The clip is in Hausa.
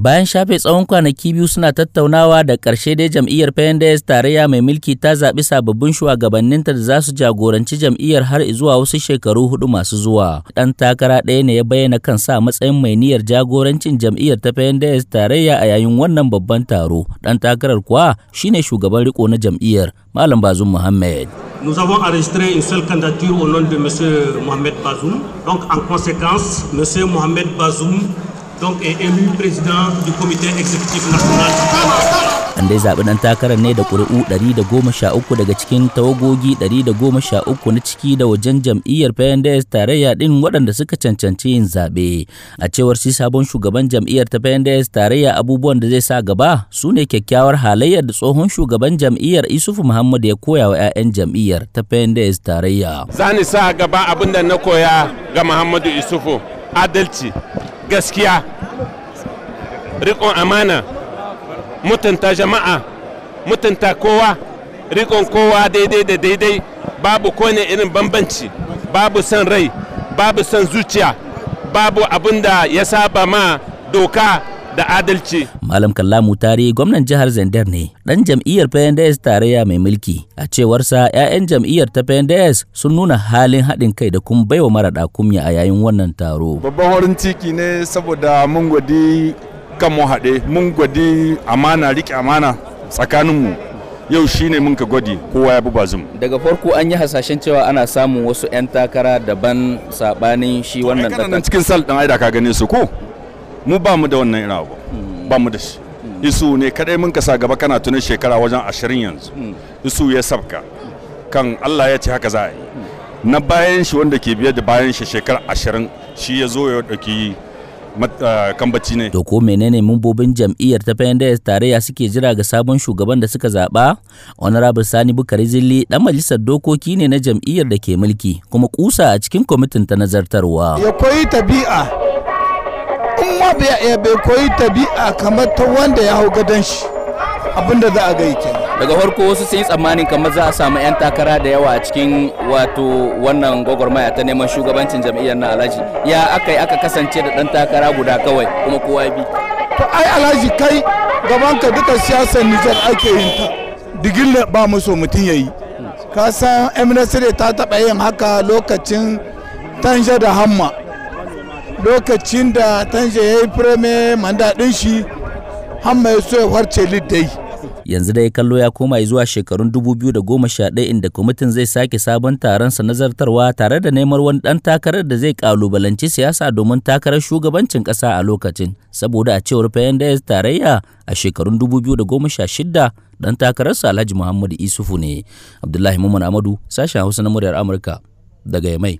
bayan shafe tsawon kwanaki biyu suna tattaunawa da ƙarshe dai jam'iyyar pnds tarayya mai mulki ta zaɓi sababbin shugabanninta da za su jagoranci jam'iyyar har zuwa wasu shekaru hudu masu zuwa ɗan takara ɗaya ne ya bayyana kan sa matsayin mai niyyar jagorancin jam'iyyar ta pnds tarayya a yayin wannan babban taro ɗan takarar kuwa shine shugaban riko na jam'iyyar malam bazum muhammed. Nous avons enregistré une seule candidature au nom de M. Mohamed Bazoum. Donc, en conséquence, M. Mohamed Bazoum donc est élu président du comité exécutif national. An dai zaɓi ɗan takarar ne da ƙuri'u 113 daga cikin tawagogi 113 na ciki da wajen jam'iyyar PNDS tarayya ɗin waɗanda suka cancanci yin zaɓe. A cewar shi sabon shugaban jam'iyyar ta PNDS tarayya abubuwan da zai sa gaba su ne kyakkyawar halayyar da tsohon shugaban jam'iyyar Isufu Muhammad ya koya wa 'ya'yan jam'iyyar ta PNDS tarayya. Za ni sa gaba abin da na koya ga Muhammadu Isufu adalci gaskiya Rikon amana mutunta jama'a mutunta kowa rikon kowa daidai da daidai babu kone irin bambanci babu son rai babu son zuciya babu abin da ya saba ma doka da adalci. Malam Kallamu tare gwamnan jihar Zandar ne, ɗan jam'iyyar PNDS tarayya mai mulki. A cewarsa 'ya'yan jam'iyyar ta PNDS sun nuna halin haɗin kai da kuma baiwa mara kumya a yayin wannan taro. Babban horin ciki ne saboda mun gwadi dukkan mu haɗe mun gwadi amana riƙe amana mu yau shine mun ka gwadi kowa ya bi bazum daga farko an yi hasashen cewa ana samun wasu 'yan takara daban sabanin shi wannan kan cikin sal din aida ka gane su ko mu ba mu da wannan ina ba ba mu da shi hmm. isu ne kadai mun ka sa gaba kana tuni shekara wajen ashirin yanzu hmm. isu ya sabka kan Allah ya ce haka za a yi hmm. na bayan shi wanda ke biye da bayan shi shekara ashirin shi ya zo ya dauki. Ah, kambaci ne. To ko menene mambobin jam'iyyar ta PNDS tarayya suke jira ga sabon shugaban da suka zaɓa? Honorable Sani Bukari Zilli ɗan majalisar dokoki ne na jam'iyyar da ke mulki kuma kusa a cikin kwamitin ta nazartarwa. Ya koyi tabi'a. In ma bai koyi tabi'a kamar ta wanda ya hau gadon shi abinda za a ga yake. daga farko wasu sun yi tsammanin kamar za a samu 'yan takara da yawa a cikin wato wannan gwagwarmaya ta neman shugabancin jam'iyyar na alhaji ya aka yi aka kasance da ɗan takara guda kawai kuma kowa bi to ai alhaji kai gaban ka duka siyasar nijar ake yin ta digil ba muso mutum ya yi ka san ministry ta taɓa yin haka lokacin tanja da hamma lokacin da tanja ya yi firame manda ɗin shi hamma ya so ya warce liddai yanzu dai kallo ya koma zuwa shekarun sha ɗaya inda kwamitin zai sake sabon taron sa nazartarwa tare da neman wani ɗan takarar da zai kalubalanci siyasa domin takarar shugabancin ƙasa a lokacin saboda a cewar Fernandez tarayya a shekarun 2016 dan takararsa Alhaji Muhammadu Isufu ne Abdullahi Muhammadu Amadu sashen Hausa na muryar Amurka daga mai.